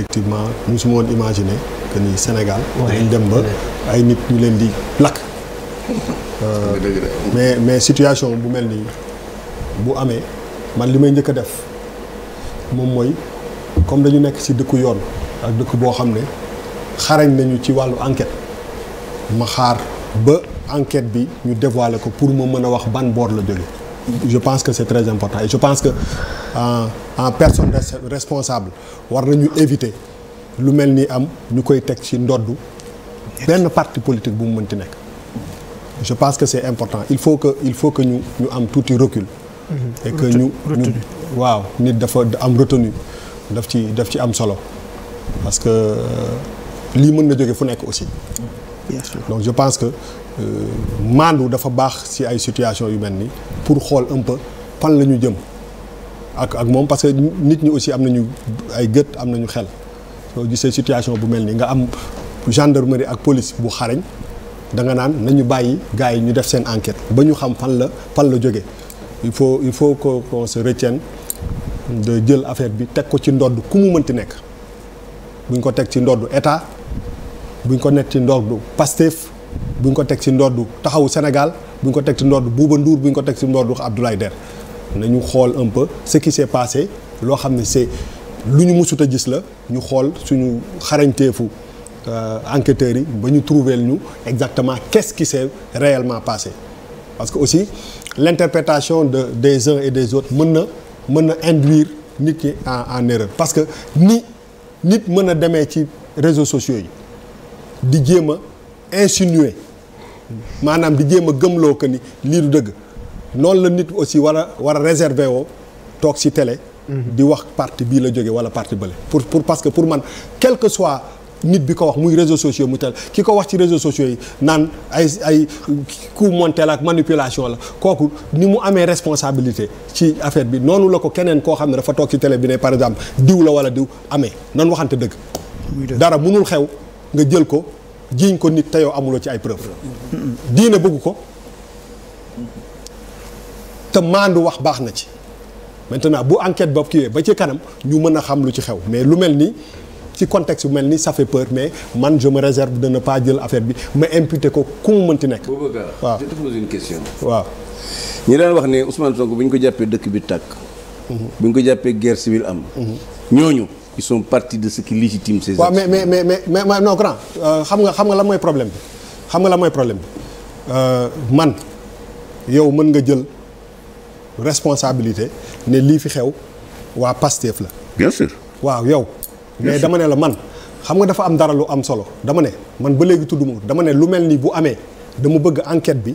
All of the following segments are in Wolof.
effectivement musuma woon imaginer que ni Sénégal. dañ dem ba ay nit ñu leen di lakk. Euh, mais mais situation bu mel nii bu amee man li may njëkk a def moom mooy comme dañu nekk ci dëkku yoon ak dëkk boo xam ne xarañ nañu ci wàllu enquête ma xaar ba enquête bi ñu dévoiler ko pour ma mën a wax ban boor la jóge je pense que c'est très important et je pense que en euh, en personne responsable war nañu éviter lu mel ni am ñu koy teg ci ndoddu benn parti politique bu mu mënti nekk. je pense que c'est important il faut que il faut que ñu ñu am tuuti recul. Mhm. et que ñu ñu waaw nit dafa am retenu daf ci daf ci am solo parce que euh, lii mën na jóge fu nekk aussi. donc je pense que Euh, maandu dafa baax si ay situation yu mel ni pour xool un peu fan la ñu jëm ak ak moom parce que nit ñi aussi am nañu ay gët am nañu xel soo gisee situation bu mel ni nga am gendarmerie ak police bu xarañ da nga naan ñu bàyyi gars yi ñu def seen enquête ba ñu xam fan la fan la jóge il faut il faut que qu'on se retienne jël affaire bi teg ko ci ndodd ku mu mënti nekk buñ ko teg ci ndoddu état buñ ko nekk ci ndodd Pastef bu ñu ko teg ci ndoddu taxawu Sénégal bu ñu ko teg ci ndoddu Bouba Ndour bu ñu ko teg ci ndoddu Abdoulaye Der ñu xool un peu ce qui s'est passé loo xam ne c'est lu ñu mësut a gis la ñu xool suñu xarañteefu euh, enquêteurs yi ba ñu trouver ñu exactement qu'est-ce qui s'est réellement passé parce que aussi l'interprétation de des uns et des autres mën na mën na induire nit ñi en en parce que ni nit mën a demee ci réseau sociaux yi di jéem a insinuer maanaam di jéem a gëmloo que ni lii du dëgg noonu la nit aussi war a war a réserver woo toog ci télé. Mhm. di wax parti bii la jóge wala parti bële pour pour parce que pour man quelque que soit nit bi ko wax muy réseaux sociaux mu tel ki ko wax ci réseaux sociaux yi naan ay ay coup monteel ak manipulation la kooku ni mu amee responsabilité ci affaire bi noonu la ko keneen koo xam ne dafa toog ci télé bi ne par exemple diw la wala diw amee noonu waxante dëgg dara munul xew nga jël ko jiiñ ko nit te yow amuloo ci ay preuve diine bëgg ko te maandu wax baax na ci maintenant bu enquête boobu kiiwee ba ci kanam ñu mën a xam lu ci xew mais lu mel ni ci contexte bu mel ni ça fait mais man je me réserve de ne pas jël affaire bi ma imputer ko ku mu mënti nekk. waa waaw je te ñu daan wax ne Ousmane Sonko bu ñu ko jàppee dëkk bi tàkk. Mhm. bu ñu ko jàppee guerre civile am. Mhm. ñooñu. qui sont partis de ce qui légitime ces actions. waaw mais mais mais mais non grand euh, xam nga xam nga lan mooy problème bi xam nga lan mooy problème bi euh, man yow mën nga jël responsabilité ne lii fi xew waa Pastef la. bien sûr waaw yow. mais dama ne la man xam nga dafa am dara lu am solo dama ne man ba léegi tudd ma dama ne lu mel ni bu amee dama bëgg enquête bi.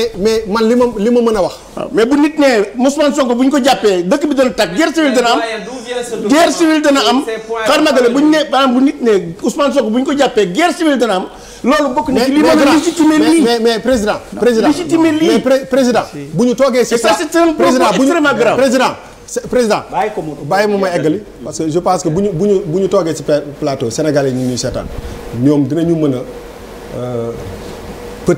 mais man li ma li ma mën a wax. Ah, mais bu nit nee Ousmane Sonko bu ñu ko jàppee dëkk bi dana tàkk guerre civile dana am. guerre civile dana am. xar magale bu ñu nee maanaam bu nit nee Ousmane Sonko bu ñu ko jàppee guerre civile dana am. loolu bokk na li ma la mais mais président. président légitimer lii mais bu ñu toogee c'est ça c'est un président extrêmement grave président. président bàyyi moom may eggali parce que je pense que bu ñu bu ñu bu ñu toogee ñu seetaan ñoom dinañu mën a euh, peut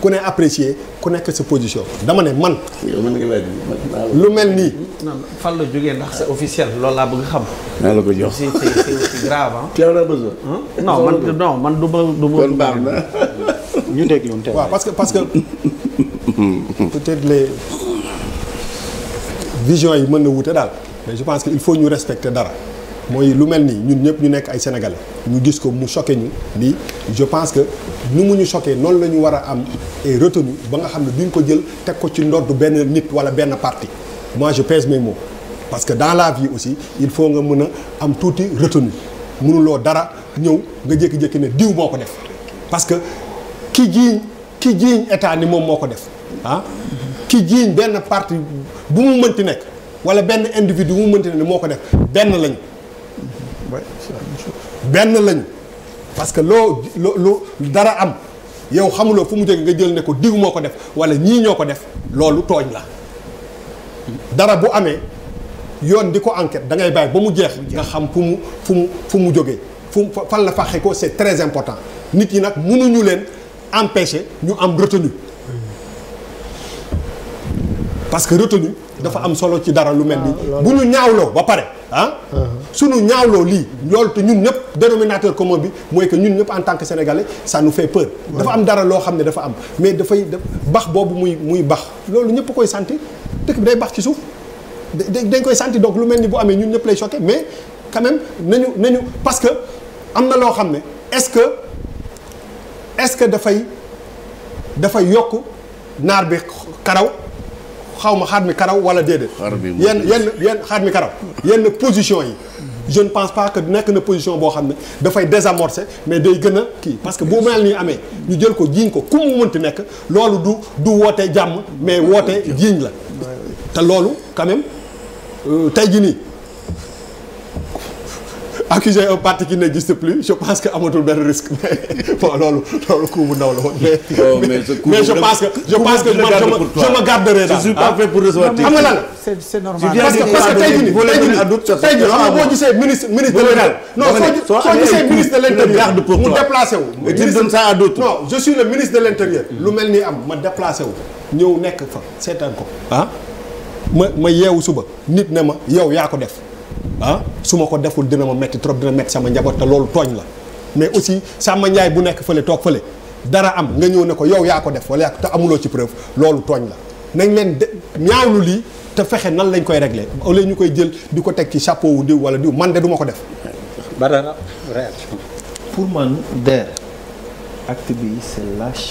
ku ne apprécier ku nekk sa position dama ne man. lu mel nii. fan la jógee ndax c'est officiel loolu laa bëgg xam. naa la ko jox c'est c'est aussi grave ah. non man non man du ma du ma. kon baax na ñu déglu tey. waaw parce que parce que peut-être les visions yi mën na wute daal mais je pense que il faut ñu respecter dara mooy lu mel nii ñun ñëpp ñu nekk ay sénégalais ñu gis ko mu choqué ñu lii. je pense que nu mu ñu choqué noonu la ñu war a am et ba nga xam ne duñ ko jël teg ko ci ndodd benn nit wala benn parti moi je pèse mes mots parce que dans la vie aussi il faut nga mën a am tuuti retenu mënuloo dara ñëw nga jékki-jékki ne diw boo ko def parce que ki jiiñ ki jiiñ état ni moom moo ko def ah ki jiiñ benn parti bu mu mënti nekk wala benn individu bu mu mënti nekk moo ko def benn lañu benn lañu parce que loo loo dara am yow xamuloo fu mu jóge nga jël ne ko diw moo ko def wala ñii ñoo ko def loolu tooñ la dara bu amee yoon di ko enquête da ngay bàyyi ba mu jeex nga xam fu mu fu mu fu mu jógee fu fan la faxe ko c'est très important nit ñi nag mënuñu leen empêcher ñu am retenue parce que retenue dafa am solo ci dara lu mel ni ah, bu ñu ñaawloo ba pare ah, ah. suñu ñaawloo lii loolu te ñun ñëpp dénominateur commun bi mooy que ñun ñëpp en tant que sénégalais ça nous fait peur dafa am dara loo xam ne dafa am mais dafay bax boobu muy muy bax loolu ñëpp koy santi dëkk bi day bax ci suuf da dañ koy sentir donc lu mel ni bu amee ñun ñëpp lay choqué mais quand nañu nañu parce que am na loo xam ne est-ce que est-ce que dafay dafay yokk naar bi karaw xaw ma xaar mi karaw wala déedéet yenn yenn yenn xaar mi karaw yenn position yi je ne pense pas que nekk na position boo xam ne dafay désamorcer mais day gën a kii parce que bu mel ni amee ñu jël ko jiiñ ko ku mu mënti nekk loolu du du woote jàmm mais woote jiiñ la te loolu quand euh, tey jii nii accuser un parti qui je pense que amatul benn risque mais bon loolu la woon. mais mais je pense que je pense que man je me garderai daal. je suis pas fait pour recevoir xam nga parce que parce que tey jii nii tey jii nii boo gisee soo gisee ministre de l'intérieur mu déplacé wu. tu donnes ça à d'autres. non je suis le ministre de l'intérieur. lu mel ni am ma déplacé wu. ñëw nekk fa seetaan ko. ah ma ma yeewu suba nit ne ma yow yaa ko def. ah su ma ko deful dina ma metti trop dina metti sama njaboot te loolu tooñ la mais aussi sama bu nekk fële toog fële dara am nga ñëw ne ko yow yaa ko def wala yaa ko te amuloo ci preuve loolu tooñ la nañ leen de ñaawlu lii te fexe nan lañ koy régler au lieu ñu koy jël di ko teg ci chapeau wu diw wala diw man de duma ko def. Badara pour man DER acte bi